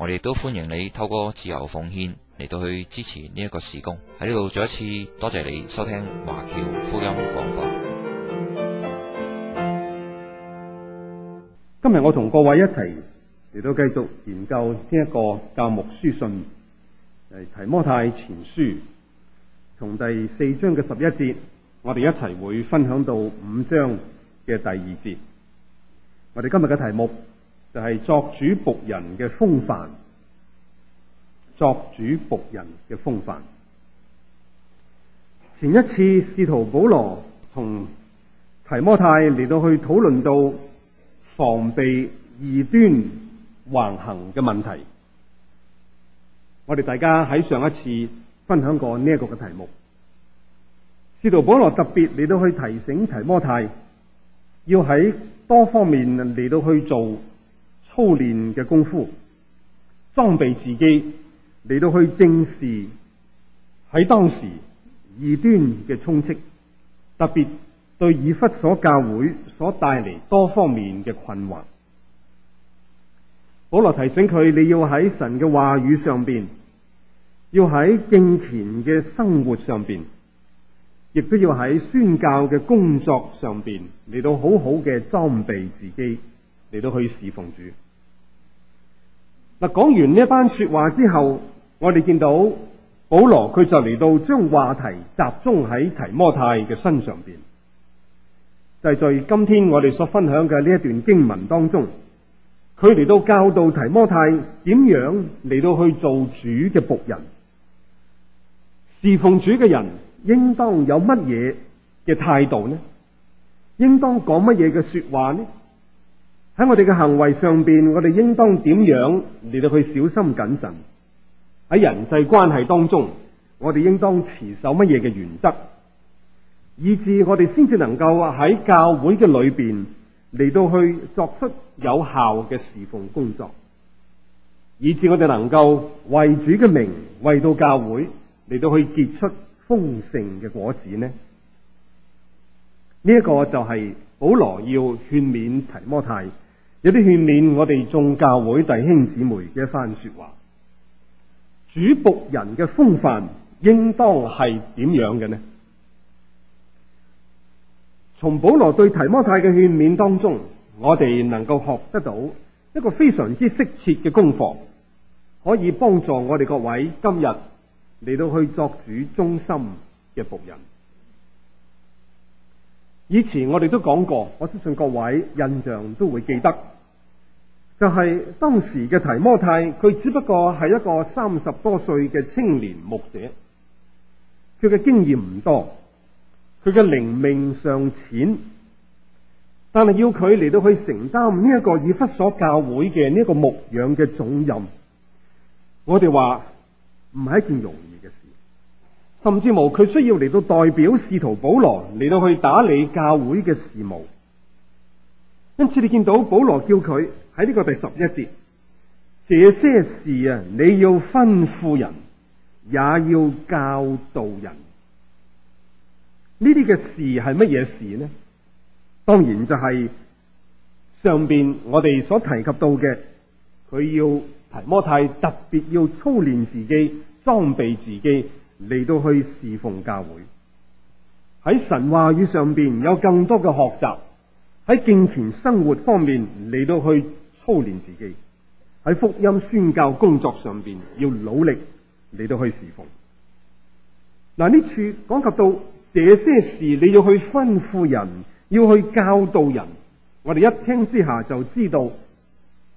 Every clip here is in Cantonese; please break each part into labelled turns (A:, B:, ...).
A: 我哋都歡迎你透過自由奉獻嚟到去支持呢一個事工。喺呢度再一次多謝你收聽華僑福音廣播。方法今日我同各位一齊嚟到繼續研究呢一個教牧書信，誒，提摩太前書，從第四章嘅十一節，我哋一齊會分享到五章嘅第二節。我哋今日嘅題目。就係作主僕人嘅風範。作主僕人嘅風範。前一次使徒保羅同提摩太嚟到去討論到防備異端橫行嘅問題，我哋大家喺上一次分享過呢一個嘅題目。使徒保羅特別嚟到去提醒提摩太，要喺多方面嚟到去做。操練嘅功夫，裝備自己嚟到去正視喺當時異端嘅充斥，特別對以弗所教會所帶嚟多方面嘅困惑。保羅提醒佢：你要喺神嘅話語上面，要喺敬虔嘅生活上面，亦都要喺宣教嘅工作上面嚟到好好嘅裝備自己。嚟到去侍奉主。嗱，講完呢一班說話之後，我哋見到保羅佢就嚟到將話題集中喺提摩太嘅身上邊，就係在今天我哋所分享嘅呢一段經文當中，佢嚟到教導提摩太點樣嚟到去做主嘅僕人，侍奉主嘅人應當有乜嘢嘅態度呢？應當講乜嘢嘅說話呢？喺我哋嘅行為上邊，我哋應當點樣嚟到去小心謹慎？喺人際關係當中，我哋應當持守乜嘢嘅原則，以至我哋先至能夠喺教會嘅裏邊嚟到去作出有效嘅侍奉工作，以至我哋能夠為主嘅名為到教會嚟到去結出豐盛嘅果子呢？呢、這、一個就係保羅要勸勉提摩太，有啲勸勉我哋眾教會弟兄姊妹嘅一番說話，主僕人嘅風範應當係點樣嘅呢？從保羅對提摩太嘅勸勉當中，我哋能夠學得到一個非常之適切嘅功課，可以幫助我哋各位今日嚟到去作主忠心嘅僕人。以前我哋都講過，我相信各位印象都會記得。就係當時嘅提摩太，佢只不過係一個三十多歲嘅青年牧者，佢嘅經驗唔多，佢嘅靈命尚淺，但係要佢嚟到去承擔呢一個以弗所教會嘅呢一個牧養嘅重任，我哋話唔係一件容易嘅事，甚至無佢需要嚟到代表使徒保羅嚟到去打理教會嘅事務，因此你見到保羅叫佢。喺呢個第十一節，這些事啊，你要吩咐人，也要教導人。呢啲嘅事係乜嘢事呢？當然就係上邊我哋所提及到嘅，佢要提摩太特別要操練自己，裝備自己嚟到去侍奉教會。喺神話語上邊有更多嘅學習，喺敬虔生活方面嚟到去。操練自己，喺福音宣教工作上邊要努力，你都可以侍奉。嗱，呢處講及到這些事，你要去吩咐人，要去教導人，我哋一聽之下就知道，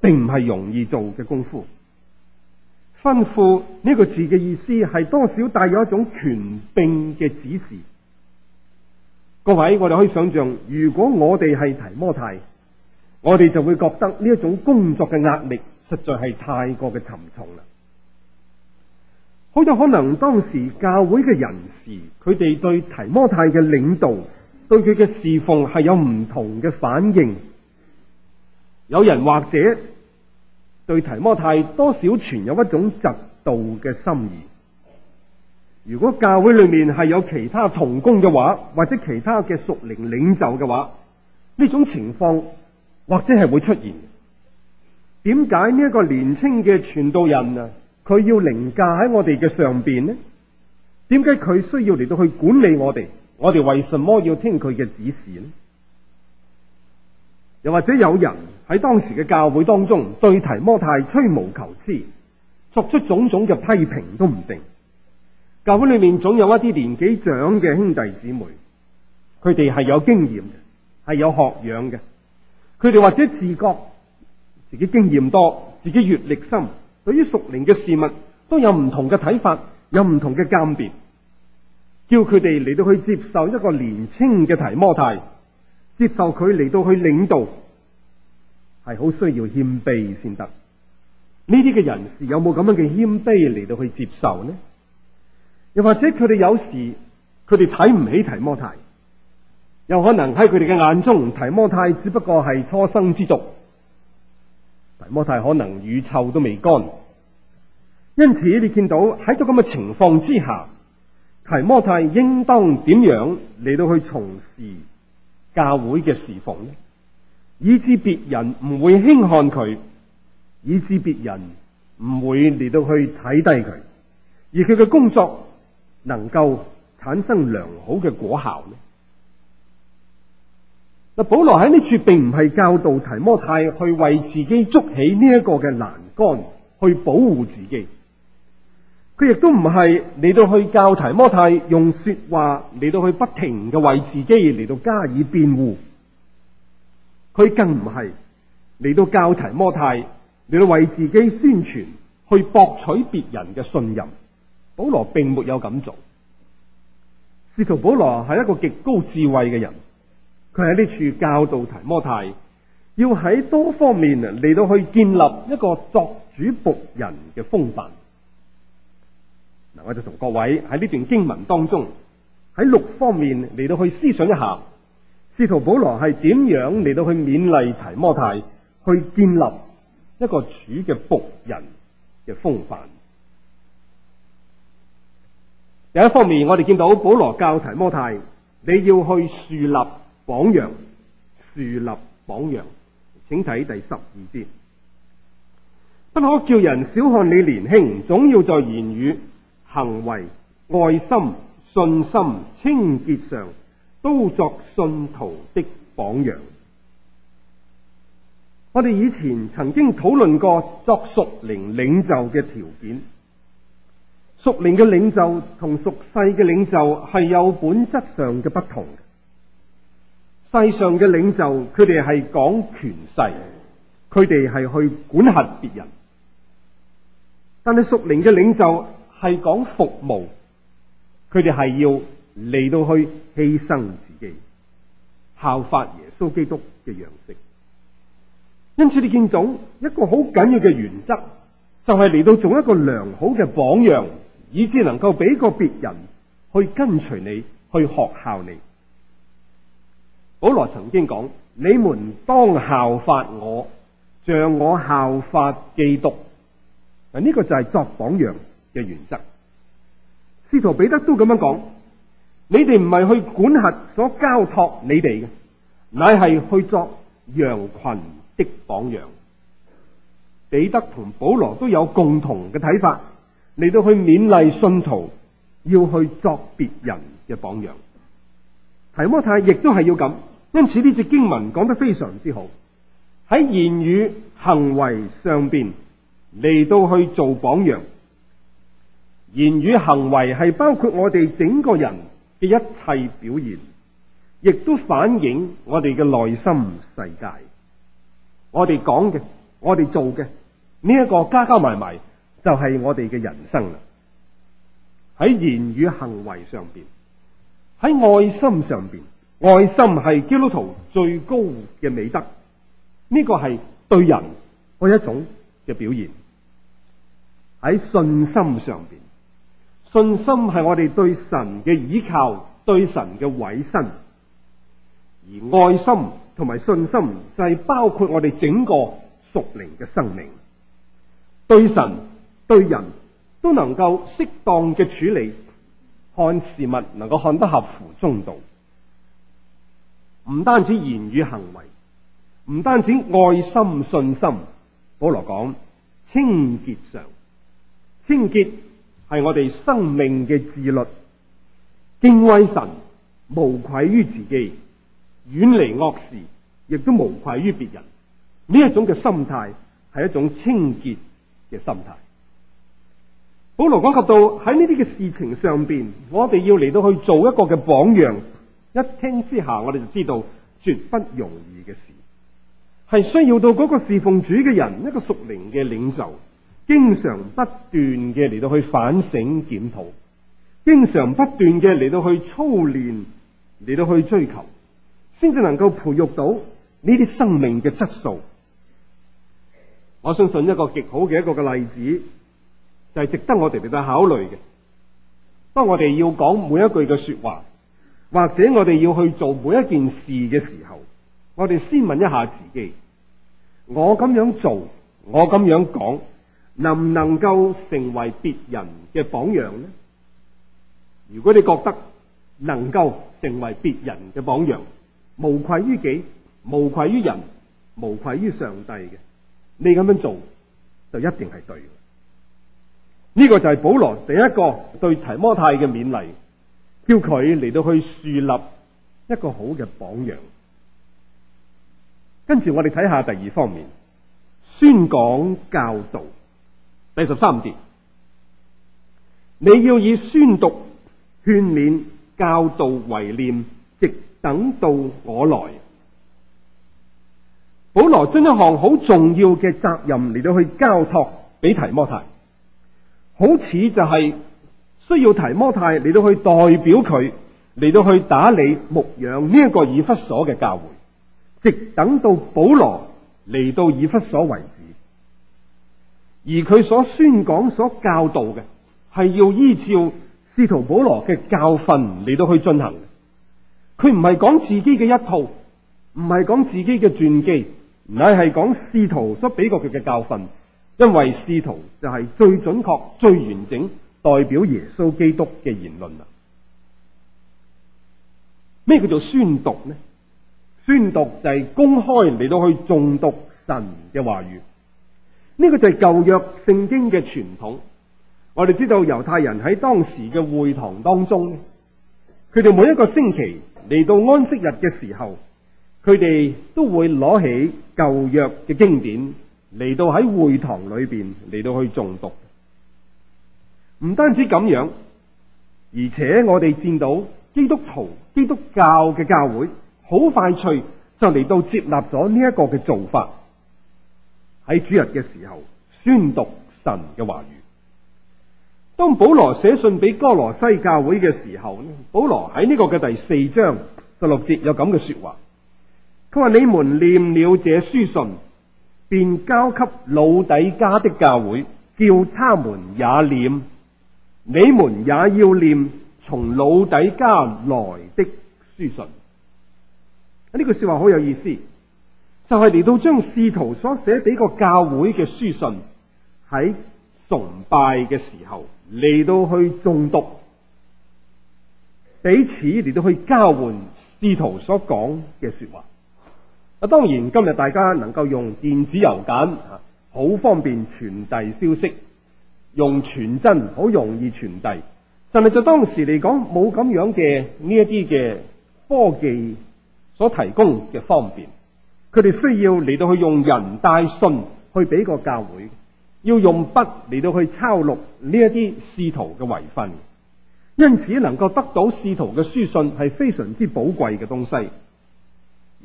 A: 並唔係容易做嘅功夫。吩咐呢個字嘅意思係多少帶有一種權柄嘅指示。各位，我哋可以想象，如果我哋係提摩太。我哋就會覺得呢一種工作嘅壓力實在係太過嘅沉重啦。好有可能當時教會嘅人士，佢哋對提摩太嘅領導，對佢嘅侍奉係有唔同嘅反應。有人或者對提摩太多少存有一種嫉妒嘅心意。如果教會裏面係有其他同工嘅話，或者其他嘅屬靈領袖嘅話，呢種情況。或者係會出現，點解呢一個年輕嘅傳道人啊，佢要凌駕喺我哋嘅上面呢？點解佢需要嚟到去管理我哋？我哋為什麼要聽佢嘅指示呢？又或者有人喺當時嘅教會當中對提摩太吹毛求疵，作出種種嘅批評都唔定。教會裏面總有一啲年紀長嘅兄弟姊妹，佢哋係有經驗嘅，係有學養嘅。佢哋或者自覺自己經驗多，自己閱歷深，對於屬靈嘅事物都有唔同嘅睇法，有唔同嘅鑒別，叫佢哋嚟到去接受一個年青嘅提摩太，接受佢嚟到去領導，係好需要謙卑先得。呢啲嘅人士有冇咁樣嘅謙卑嚟到去接受呢？又或者佢哋有時佢哋睇唔起提摩太。有可能喺佢哋嘅眼中，提摩太只不過係初生之犢，提摩太可能乳臭都未乾。因此你，你見到喺咁嘅情況之下，提摩太應當點樣嚟到去從事教會嘅侍奉，以致別人唔會輕看佢，以致別人唔會嚟到去睇低佢，而佢嘅工作能夠產生良好嘅果效呢？嗱，保羅喺呢處並唔係教導提摩太去為自己築起呢一個嘅欄杆去保護自己，佢亦都唔係嚟到去教提摩太用說話嚟到去不停嘅為自己嚟到加以辯護，佢更唔係嚟到教提摩太嚟到為自己宣傳去博取別人嘅信任，保羅並沒有咁做。試圖保羅係一個極高智慧嘅人。佢喺呢處教導提摩太，要喺多方面嚟到去建立一個作主僕人嘅風範。嗱，我就同各位喺呢段經文當中，喺六方面嚟到去思想一下，使徒保羅係點樣嚟到去勉勵提摩太去建立一個主嘅僕人嘅風範。有一方面，我哋見到保羅教提摩太，你要去樹立。榜樣，樹立榜樣，請睇第十二節，不可叫人小看你年輕，總要在言語、行為、愛心、信心、清潔上，都作信徒的榜樣。我哋以前曾經討論過作屬靈領袖嘅條件，屬靈嘅領袖同屬世嘅領袖係有本質上嘅不同的。世上嘅領袖，佢哋係講權勢，佢哋係去管轄別人。但係屬靈嘅領袖係講服務，佢哋係要嚟到去犧牲自己，效法耶穌基督嘅樣式。因此這件種，你見到一個好緊要嘅原則，就係、是、嚟到做一個良好嘅榜樣，以致能夠俾個別人去跟隨你，去學效你。保羅曾經講：你們當效法我，像我效法基督。嗱，呢個就係作榜樣嘅原則。使徒彼得都咁樣講：你哋唔係去管轄所交託你哋嘅，乃係去作羊群的榜樣。彼得同保羅都有共同嘅睇法，嚟到去勉勵信徒要去作別人嘅榜樣。提摩太亦都係要咁。因此呢隻經文講得非常之好，喺言語行為上邊嚟到去做榜樣。言語行為係包括我哋整個人嘅一切表現，亦都反映我哋嘅內心世界。我哋講嘅，我哋做嘅，呢一個加加埋埋就係我哋嘅人生啦。喺言語行為上邊，喺愛心上邊。愛心係基督徒最高嘅美德，呢個係對人嗰一種嘅表現。喺信心上面，信心係我哋對神嘅依靠，對神嘅委身。而愛心同埋信心就係包括我哋整個屬靈嘅生命，對神對人都能夠適當嘅處理，看事物能夠看得合乎中道。唔單止言語行為，唔單止愛心信心。保羅講清潔上，清潔係我哋生命嘅自律，敬畏神，無愧於自己，遠離惡事，亦都無愧於別人。呢一種嘅心態係一種清潔嘅心態。保羅講及到喺呢啲嘅事情上邊，我哋要嚟到去做一個嘅榜樣。一聽之下，我哋就知道絕不容易嘅事，係需要到嗰個侍奉主嘅人，一個屬靈嘅領袖，經常不斷嘅嚟到去反省檢討，經常不斷嘅嚟到去操練，嚟到去追求，先至能夠培育到呢啲生命嘅質素。我相信一個極好嘅一個嘅例子，就係值得我哋嚟到考慮嘅。當我哋要講每一句嘅說話。或者我哋要去做每一件事嘅時候，我哋先問一下自己：我咁樣做，我咁樣講，能唔能夠成為別人嘅榜樣呢？如果你覺得能夠成為別人嘅榜樣，無愧於己，無愧於人，無愧於上帝嘅，你咁樣做就一定係對。呢個就係保羅第一個對提摩太嘅勉勵。叫佢嚟到去樹立一個好嘅榜樣，跟住我哋睇下第二方面，宣講教導，第十三節，你要以宣讀、勸勉、教導為念，直等到我來。保羅將一項好重要嘅責任嚟到去交託俾提摩太，好似就係、是。需要提摩太嚟到去代表佢嚟到去打理牧養呢一個以弗所嘅教會，直等到保羅嚟到以弗所為止。而佢所宣講、所教導嘅係要依照使徒保羅嘅教訓嚟到去進行。佢唔係講自己嘅一套，唔係講自己嘅傳記，唔係係講使徒所俾過佢嘅教訓，因為使徒就係最準確、最完整。代表耶穌基督嘅言論啊？咩叫做宣讀呢？宣讀就係公開人嚟到去誦讀神嘅話語。呢、這個就係舊約聖經嘅傳統。我哋知道猶太人喺當時嘅會堂當中，佢哋每一個星期嚟到安息日嘅時候，佢哋都會攞起舊約嘅經典嚟到喺會堂裏邊嚟到去誦讀。唔單止咁樣，而且我哋見到基督徒、基督教嘅教會好快脆就嚟到接納咗呢一個嘅做法，喺主日嘅時候宣讀神嘅話語。當保羅寫信俾哥羅西教會嘅時候，保羅喺呢個嘅第四章十六節有咁嘅說話。佢話：你們念了這書信，便交給老底嘉的教會，叫他們也念。你們也要念從老底加來的書信，呢句說話好有意思，就係、是、嚟到將使徒所寫俾個教會嘅書信喺崇拜嘅時候嚟到去誦讀，彼此嚟到去交換使徒所講嘅說話。啊，當然今日大家能夠用電子郵件，好方便傳遞消息。用傳真好容易傳遞，但係就當時嚟講冇咁樣嘅呢一啲嘅科技所提供嘅方便，佢哋非要嚟到去用人帶信去俾個教會，要用筆嚟到去抄錄呢一啲使徒嘅遺訓，因此能夠得到使徒嘅書信係非常之寶貴嘅東西。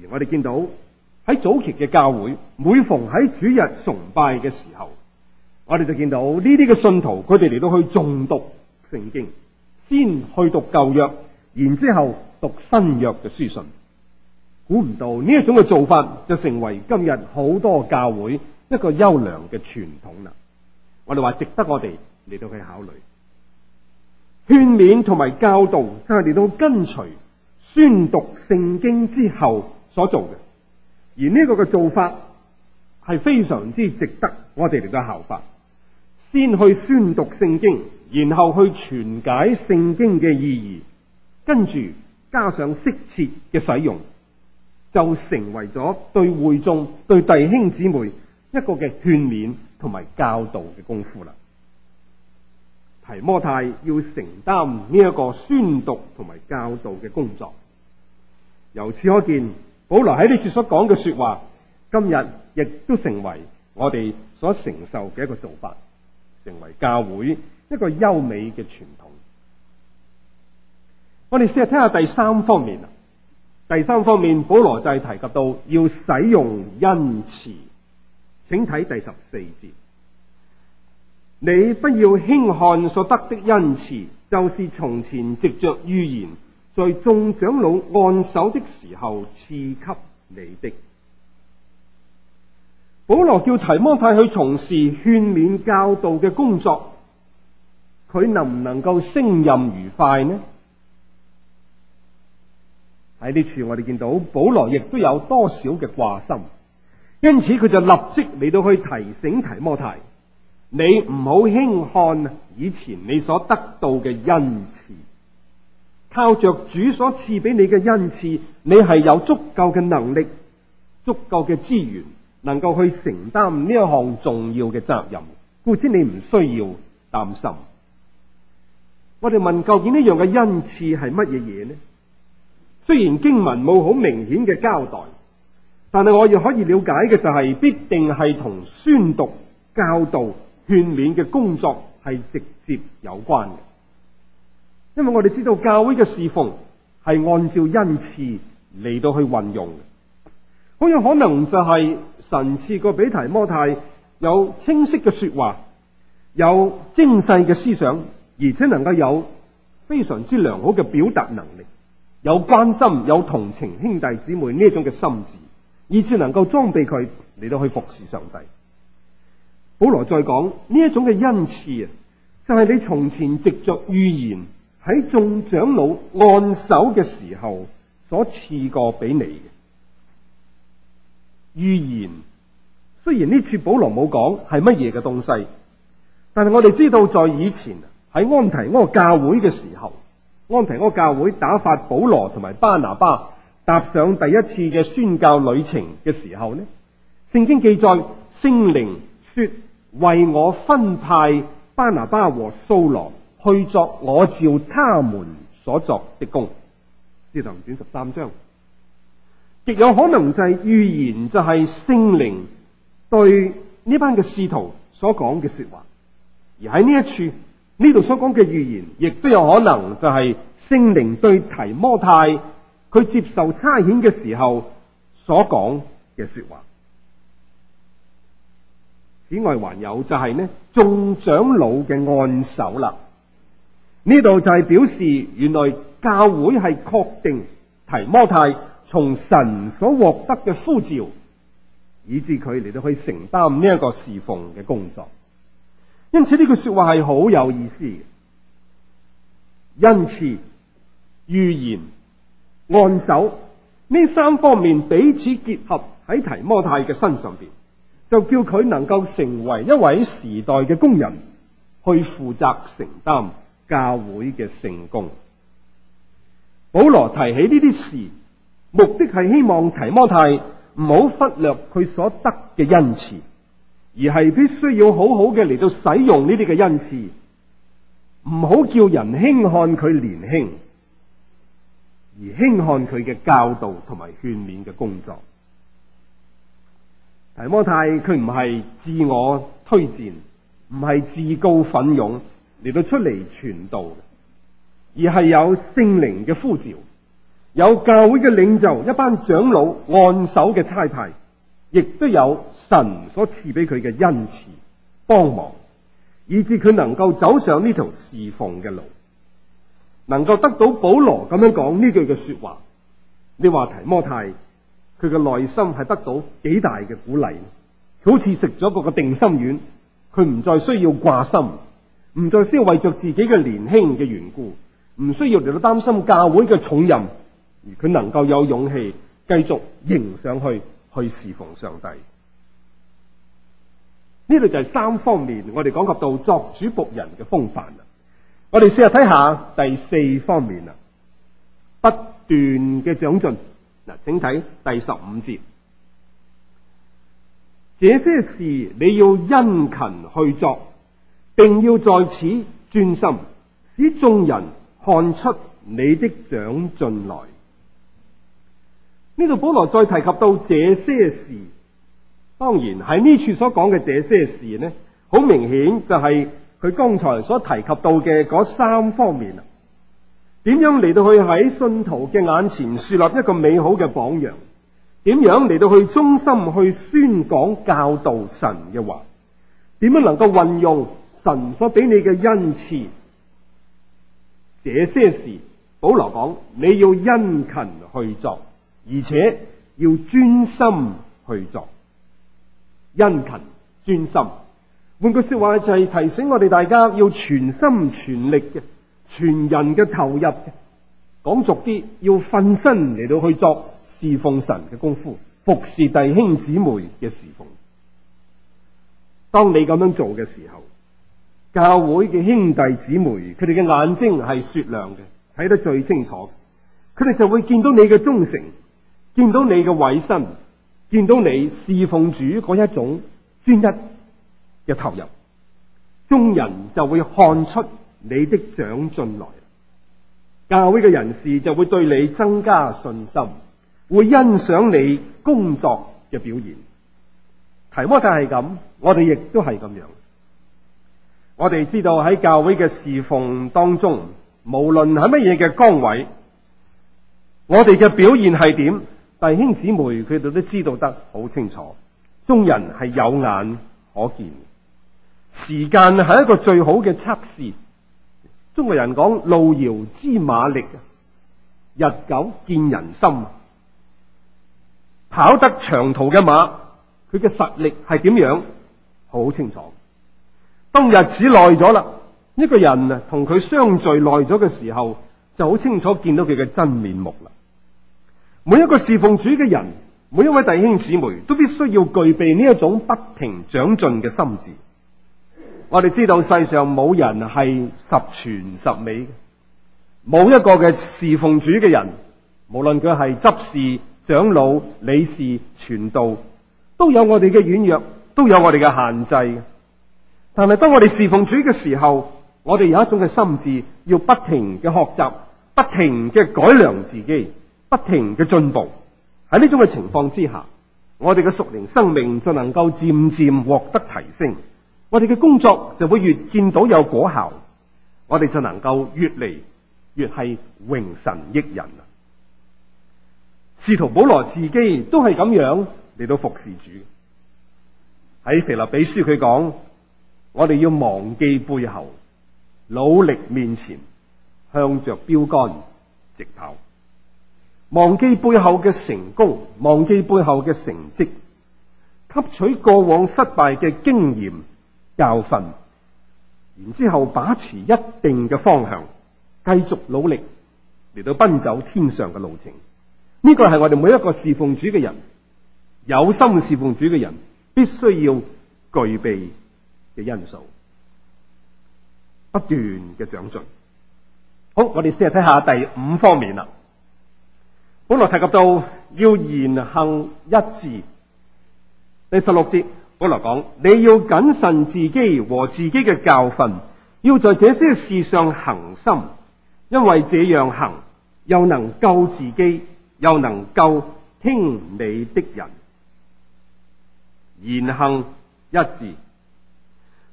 A: 而我哋見到喺早期嘅教會，每逢喺主日崇拜嘅時候，我哋就見到呢啲嘅信徒，佢哋嚟到去誦讀聖經，先去讀舊約，然之後讀新約嘅書信。估唔到呢一種嘅做法就成為今日好多教會一個優良嘅傳統啦。我哋話值得我哋嚟到去考慮，勸勉同埋教導，就係嚟到跟隨宣讀聖經之後所做嘅。而呢個嘅做法係非常之值得我哋嚟到效法。先去宣讀聖經，然後去傳解聖經嘅意義，跟住加上適切嘅使用，就成為咗對會眾、對弟兄姊妹一個嘅勸勉同埋教導嘅功夫啦。提摩太要承擔呢一個宣讀同埋教導嘅工作，由此可見，保羅喺呢處所講嘅說話，今日亦都成為我哋所承受嘅一個做法。成為教會一個優美嘅傳統。我哋試下聽下第三方面。第三方面，保羅就提及到要使用恩賜，請睇第十四節。你不要輕看所得的恩賜，就是從前藉着預言，在眾長老按手的時候賜給你的。保羅叫提摩太去從事勸勉教導嘅工作，佢能唔能夠勝任愉快呢？喺呢處我哋見到保羅亦都有多少嘅掛心，因此佢就立即嚟到去提醒提摩太：你唔好輕看以前你所得到嘅恩賜，靠着主所賜俾你嘅恩賜，你係有足夠嘅能力、足夠嘅資源。能夠去承擔呢一項重要嘅責任，故此你唔需要擔心。我哋問究竟呢樣嘅恩賜係乜嘢嘢呢？雖然經文冇好明顯嘅交代，但係我亦可以了解嘅就係必定係同宣讀、教導、勸勉嘅工作係直接有關嘅。因為我哋知道教會嘅侍奉係按照恩賜嚟到去運用的，好有可能就係、是。神賜過俾提摩太有清晰嘅說話，有精細嘅思想，而且能夠有非常之良好嘅表達能力，有關心、有同情兄弟姊妹呢種嘅心智，以致能夠裝備佢嚟到去服侍上帝。保羅再講呢一種嘅恩賜啊，就係你從前藉着預言喺眾長老按手嘅時候所賜過俾你嘅。預言，雖然呢次保羅冇講係乜嘢嘅東西，但係我哋知道在以前喺安提阿教會嘅時候，安提阿教會打發保羅同埋巴拿巴踏上第一次嘅宣教旅程嘅時候呢，聖經記載聖靈說，為我分派巴拿巴和掃羅去作我召他們所作的工。使徒行傳十三章。亦有可能就係預言，就係聖靈對呢班嘅使徒所講嘅說話。而喺呢一處呢度所講嘅預言，亦都有可能就係聖靈對提摩太佢接受差遣嘅時候所講嘅說話。此外，還有就係呢眾長老嘅按手啦。呢度就係表示原來教會係確定提摩太，從神所獲得嘅呼召，以致佢嚟到去承擔呢一個侍奉嘅工作。因此呢句說話係好有意思嘅。恩賜、預言、按手呢三方面彼此結合喺提摩太嘅身上邊，就叫佢能夠成為一位時代嘅工人，去負責承擔教會嘅聖工。保羅提起呢啲事。目的係希望提摩太唔好忽略佢所得嘅恩賜，而係必須要好好嘅嚟到使用呢啲嘅恩賜，唔好叫人輕看佢年輕，而輕看佢嘅教導同埋勸勉嘅工作。提摩太佢唔係自我推薦，唔係自告奮勇嚟到出嚟傳道，而係有聖靈嘅呼召。有教會嘅領袖一班長老按手嘅差派，亦都有神所賜俾佢嘅恩賜幫忙，以致佢能夠走上呢條侍奉嘅路，能夠得到保羅咁樣講呢句嘅說話。你話提摩太佢嘅內心係得到幾大嘅鼓勵？好似食咗一個定心丸，佢唔再需要掛心，唔再需要為著自己嘅年輕嘅緣故，唔需要嚟到擔心教會嘅重任。而佢能夠有勇氣繼續迎上去，去侍奉上帝，呢度就係三方面我哋講及到作主僕人嘅風範啦。我哋試下睇下第四方面啊，不斷嘅長進嗱，請睇第十五節，這些事你要殷勤去作，並要在此專心，使眾人看出你的長進來。呢度保羅再提及到這些事，當然喺呢處所講嘅這些事呢，好明顯就係佢剛才所提及到嘅嗰三方面啦。點樣嚟到去喺信徒嘅眼前樹立一個美好嘅榜樣？點樣嚟到去中心去宣講教導神嘅話？點樣能夠運用神所俾你嘅恩賜？這些事，保羅講你要殷勤去做。而且要專心去做，殷勤專心。換句說話就係提醒我哋大家要全心全力嘅，全人嘅投入嘅。講俗啲，要瞓身嚟到去作侍奉神嘅功夫，服侍弟兄姊妹嘅侍奉。當你咁樣做嘅時候，教會嘅兄弟姊妹佢哋嘅眼睛係雪亮嘅，睇得最清楚的。佢哋就會見到你嘅忠誠。見到你嘅委身，見到你侍奉主嗰一種專一嘅投入，眾人就會看出你的長進來。教會嘅人士就會對你增加信心，會欣賞你工作嘅表現。提摩太係咁，我哋亦都係咁樣。我哋知道喺教會嘅侍奉當中，無論喺乜嘢嘅崗位，我哋嘅表現係點？弟兄姊妹，佢哋都知道得好清楚，中人係有眼可見。時間係一個最好嘅測試。中國人講路遙知馬力，日久見人心。跑得長途嘅馬，佢嘅實力係點樣，好清楚。當日子耐咗啦，一個人啊同佢相聚耐咗嘅時候，就好清楚見到佢嘅真面目啦。每一個侍奉主嘅人，每一位弟兄姊妹都必須要具備呢一種不停長進嘅心智。我哋知道世上冇人係十全十美嘅，冇一個嘅侍奉主嘅人，無論佢係執事、長老、理事、傳道，都有我哋嘅軟弱，都有我哋嘅限制。但係當我哋侍奉主嘅時候，我哋有一種嘅心智，要不停嘅學習，不停嘅改良自己。不停嘅進步喺呢種嘅情況之下，我哋嘅屬靈生命就能夠漸漸獲得提升，我哋嘅工作就會越見到有果效，我哋就能夠越嚟越係榮神益人啊！使徒保羅自己都係咁樣嚟到服侍主。喺腓立比書佢講：我哋要忘記背後，努力面前，向着標杆直跑。忘記背後嘅成功，忘記背後嘅成績，吸取過往失敗嘅經驗教訓，然之後把持一定嘅方向，繼續努力，嚟到奔走天上嘅路程。呢個係我哋每一個侍奉主嘅人，有心侍奉主嘅人，必須要具備嘅因素。不斷嘅長進。好，我哋先係睇下第五方面啦。保羅提及到要言行一致，第十六節保羅講，你要謹慎自己和自己嘅教訓，要在這些事上恆心，因為這樣行又能救自己，又能夠聽你的人，言行一致。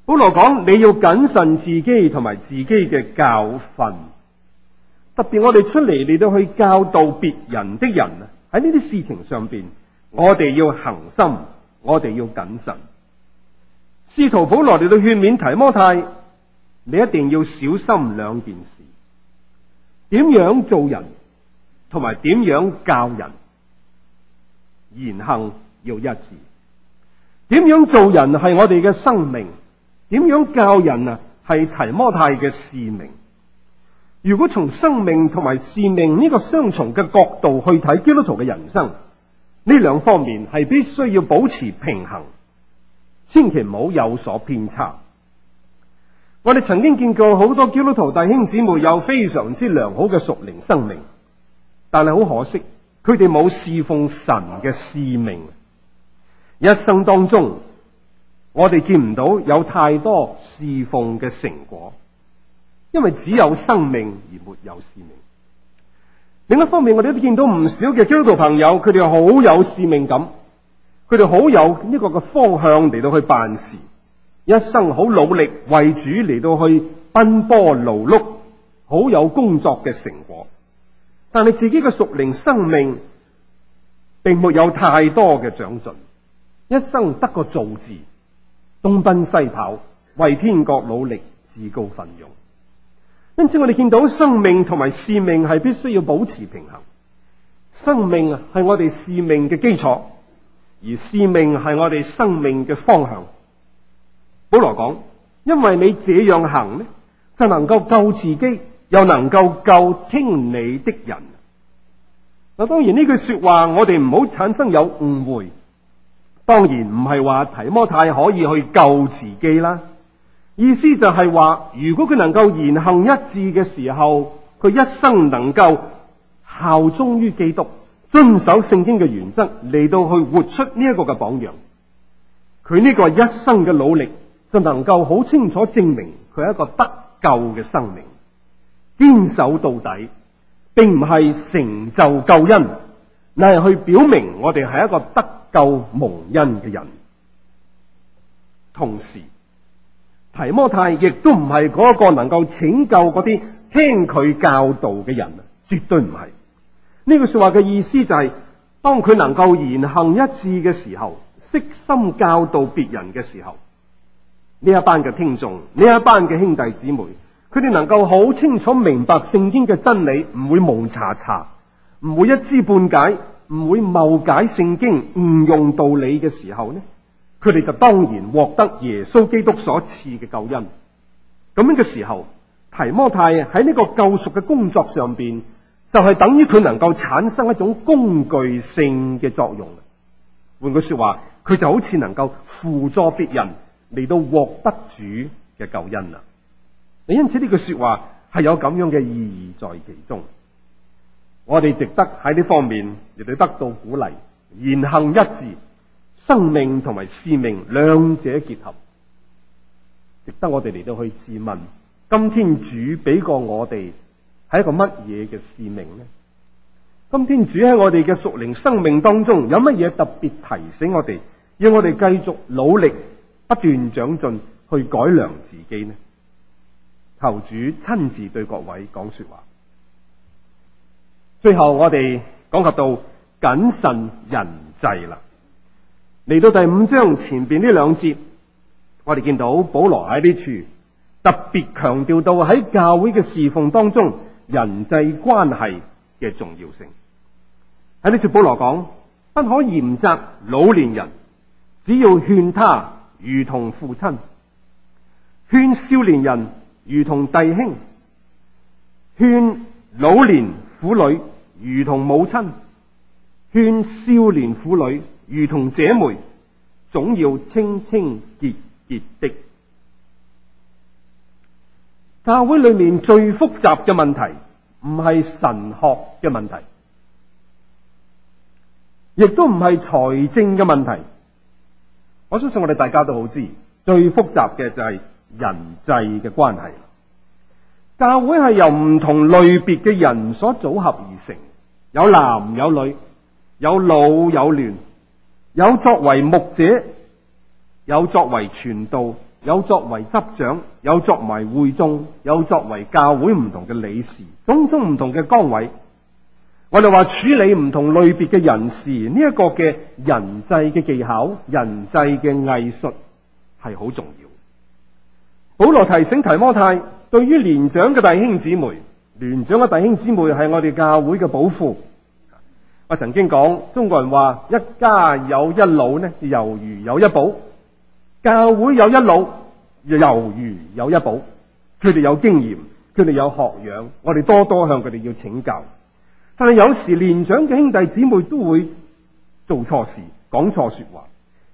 A: 保羅講，你要謹慎自己同埋自己嘅教訓。特別我哋出嚟，嚟到去教導別人的人啊！喺呢啲事情上邊，我哋要恒心，我哋要謹慎。使徒保羅，嚟到勸勉提摩太，你一定要小心兩件事：點樣做人，同埋點樣教人，言行要一致。點樣做人係我哋嘅生命，點樣教人啊係提摩太嘅使命。如果從生命同埋使命呢個雙重嘅角度去睇基督徒嘅人生，呢兩方面係必須要保持平衡，千祈唔好有所偏差。我哋曾經見過好多基督徒弟兄姊妹有非常之良好嘅屬靈生命，但係好可惜，佢哋冇侍奉神嘅使命。一生當中，我哋見唔到有太多侍奉嘅成果。因為只有生命而沒有使命。另一方面，我哋都見到唔少嘅基督徒朋友，佢哋好有使命感，佢哋好有呢個嘅方向嚟到去辦事，一生好努力為主嚟到去奔波勞碌，好有工作嘅成果。但係自己嘅屬靈生命，並沒有太多嘅長進，一生得個做字，東奔西跑為天國努力，自告奮勇。因此，我哋見到生命同埋使命係必須要保持平衡。生命啊，係我哋使命嘅基礎，而使命係我哋生命嘅方向。保羅講：因為你這樣行呢，就能夠救自己，又能夠救聽你的人。嗱，當然呢句說話，我哋唔好產生有誤會。當然唔係話提摩太可以去救自己啦。意思就係話，如果佢能夠言行一致嘅時候，佢一生能夠效忠於基督，遵守聖經嘅原則嚟到去活出呢一個嘅榜樣，佢呢個一生嘅努力就能夠好清楚證明佢係一個得救嘅生命，堅守到底，並唔係成就救恩，乃係去表明我哋係一個得救蒙恩嘅人，同時。提摩太亦都唔係嗰一個能夠拯救嗰啲聽佢教導嘅人，絕對唔係。呢句說話嘅意思就係，當佢能夠言行一致嘅時候，悉心教導別人嘅時候，呢一班嘅聽眾，呢一班嘅兄弟姊妹，佢哋能夠好清楚明白聖經嘅真理，唔會蒙查查，唔會一知半解，唔會誤解聖經，誤用道理嘅時候呢？佢哋就當然獲得耶穌基督所賜嘅救恩。咁樣嘅時候，提摩太喺呢個救贖嘅工作上邊，就係等於佢能夠產生一種工具性嘅作用。換句說話，佢就好似能夠輔助別人嚟到獲得主嘅救恩啦。因此呢句說話係有咁樣嘅意義在其中。我哋值得喺呢方面亦都得到鼓勵，言行一致。生命同埋使命兩者結合，值得我哋嚟到去自問，今天主俾過我哋係一個乜嘢嘅使命呢？今天主喺我哋嘅屬靈生命當中有乜嘢特別提醒我哋，要我哋繼續努力，不斷長進，去改良自己呢？求主親自對各位講說話。最後我哋講及到謹慎人際啦。嚟到第五章前邊呢兩節，我哋見到保羅喺呢處特別強調到喺教會嘅侍奉當中人際關係嘅重要性。喺呢處保羅講，不可嚴責老年人，只要勸他如同父親；勸少年人如同弟兄；勸老年婦女如同母親；勸少年婦女。如同姐妹，總要清清潔潔的。教會裏面最複雜嘅問題，唔係神學嘅問題，亦都唔係財政嘅問題。我相信我哋大家都好知，最複雜嘅就係人際嘅關係。教會係由唔同類別嘅人所組合而成，有男有女，有老有嫩。有作為牧者，有作為傳道，有作為執掌，有作為會眾，有作為教會唔同嘅理事，種種唔同嘅崗位，我哋話處理唔同類別嘅人士呢一個嘅人際嘅技巧、人際嘅藝術係好重要。保羅提醒提摩太，對於年長嘅弟兄姊妹，年長嘅弟兄姊妹係我哋教會嘅保護。我曾經講，中國人話一家有一老呢，猶如有一寶；教會有一老，猶如有一寶。佢哋有經驗，佢哋有學養，我哋多多向佢哋要請教。但係有時年長嘅兄弟姊妹都會做錯事、講錯說話，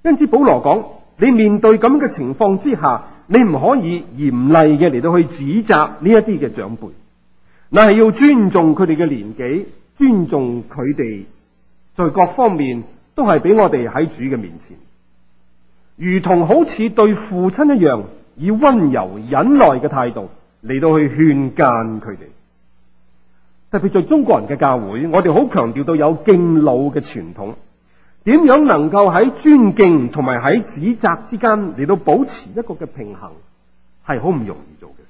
A: 因此保羅講：你面對咁嘅情況之下，你唔可以嚴厲嘅嚟到去指責呢一啲嘅長輩，那係要尊重佢哋嘅年紀。尊重佢哋，在各方面都係俾我哋喺主嘅面前，如同好似對父親一樣，以溫柔忍耐嘅態度嚟到去勸諫佢哋。特別在中國人嘅教會，我哋好強調到有敬老嘅傳統。點樣能夠喺尊敬同埋喺指責之間嚟到保持一個嘅平衡，係好唔容易做嘅事。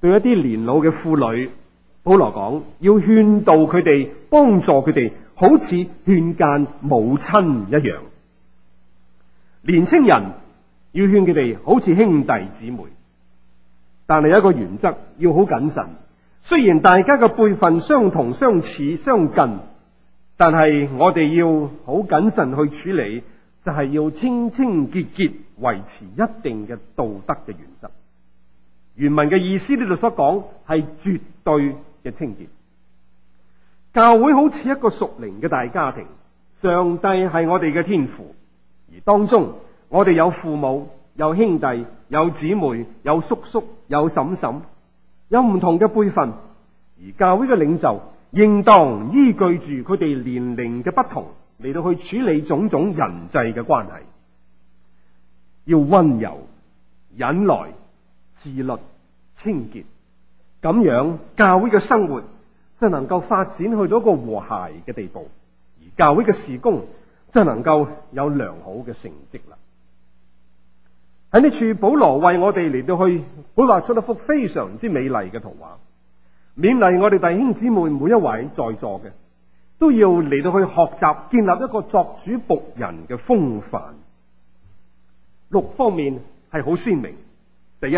A: 對一啲年老嘅婦女。保羅講要勸導佢哋，幫助佢哋，好似勸諫母親一樣。年青人，要勸佢哋，好似兄弟姊妹。但係有一個原則，要好謹慎。雖然大家嘅輩份相同、相似、相近，但係我哋要好謹慎去處理，就係、是、要清清潔潔，維持一定嘅道德嘅原則。原文嘅意思呢度所講係絕對。嘅清潔，教會好似一個屬靈嘅大家庭，上帝係我哋嘅天父，而當中我哋有父母、有兄弟、有姊妹、有叔叔、有嬸嬸，有唔同嘅輩份，而教會嘅領袖應當依據住佢哋年齡嘅不同嚟到去處理種種人際嘅關係，要溫柔、忍耐、自律、清潔。咁樣教會嘅生活就能夠發展去到一個和諧嘅地步，而教會嘅事工就能夠有良好嘅成績啦。喺呢處保羅為我哋嚟到去，繪畫出一幅非常之美麗嘅圖畫，勉勵我哋弟兄姊妹每一位在座嘅，都要嚟到去學習建立一個作主僕人嘅風範。六方面係好鮮明，第一。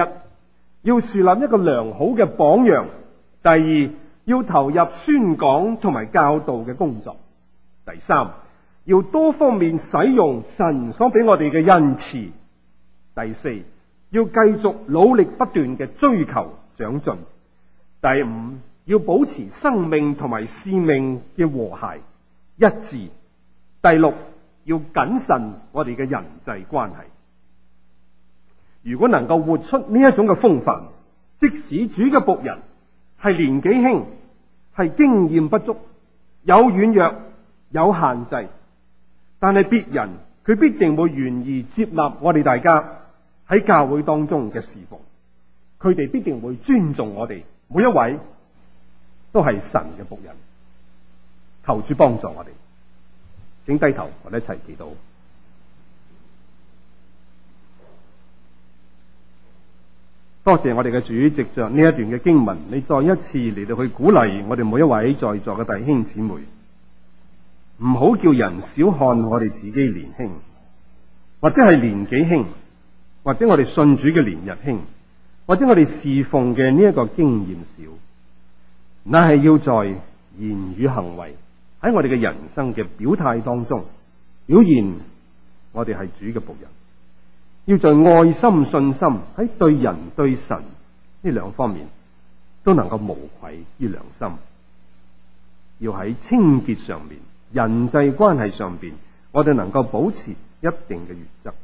A: 要樹立一個良好嘅榜樣。第二，要投入宣講同埋教導嘅工作。第三，要多方面使用神所俾我哋嘅恩賜。第四，要繼續努力不斷嘅追求長進。第五，要保持生命同埋使命嘅和諧一致。第六，要謹慎我哋嘅人際關係。如果能夠活出呢一種嘅風範，即使主嘅僕人係年紀輕，係經驗不足，有軟弱，有限制，但係別人佢必定會願意接納我哋大家喺教會當中嘅侍奉，佢哋必定會尊重我哋，每一位都係神嘅僕人，求主幫助我哋，請低頭我，我哋一齊祈禱。多謝我哋嘅主，藉着呢一段嘅經文，你再一次嚟到去鼓勵我哋每一位在座嘅弟兄姊妹，唔好叫人小看我哋自己年輕，或者係年紀輕，或者我哋信主嘅年日輕，或者我哋侍奉嘅呢一個經驗少，乃係要在言語行為喺我哋嘅人生嘅表態當中，表現我哋係主嘅僕人。要在愛心、信心喺對人、對神呢兩方面都能夠無愧於良心，要喺清潔上面、人際關係上邊，我哋能夠保持一定嘅原則，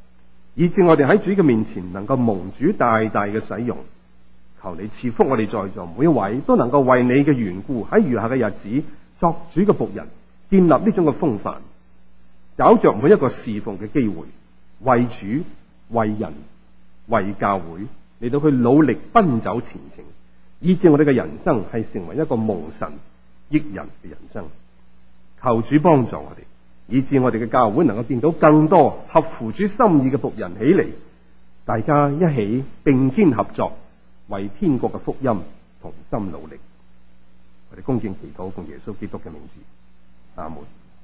A: 以致我哋喺主嘅面前能夠蒙主大大嘅使用。求你賜福我哋在座每一位都能夠為你嘅緣故喺餘下嘅日子作主嘅僕人，建立呢種嘅風範，找着每一個侍奉嘅機會為主，為人、為教會嚟到去努力奔走前程，以致我哋嘅人生係成為一個蒙神益人嘅人生。求主幫助我哋，以致我哋嘅教會能夠見到更多合乎主心意嘅僕人起嚟，大家一起並肩合作，為天國嘅福音同心努力。我哋恭敬祈禱，奉耶穌基督嘅名字，阿門。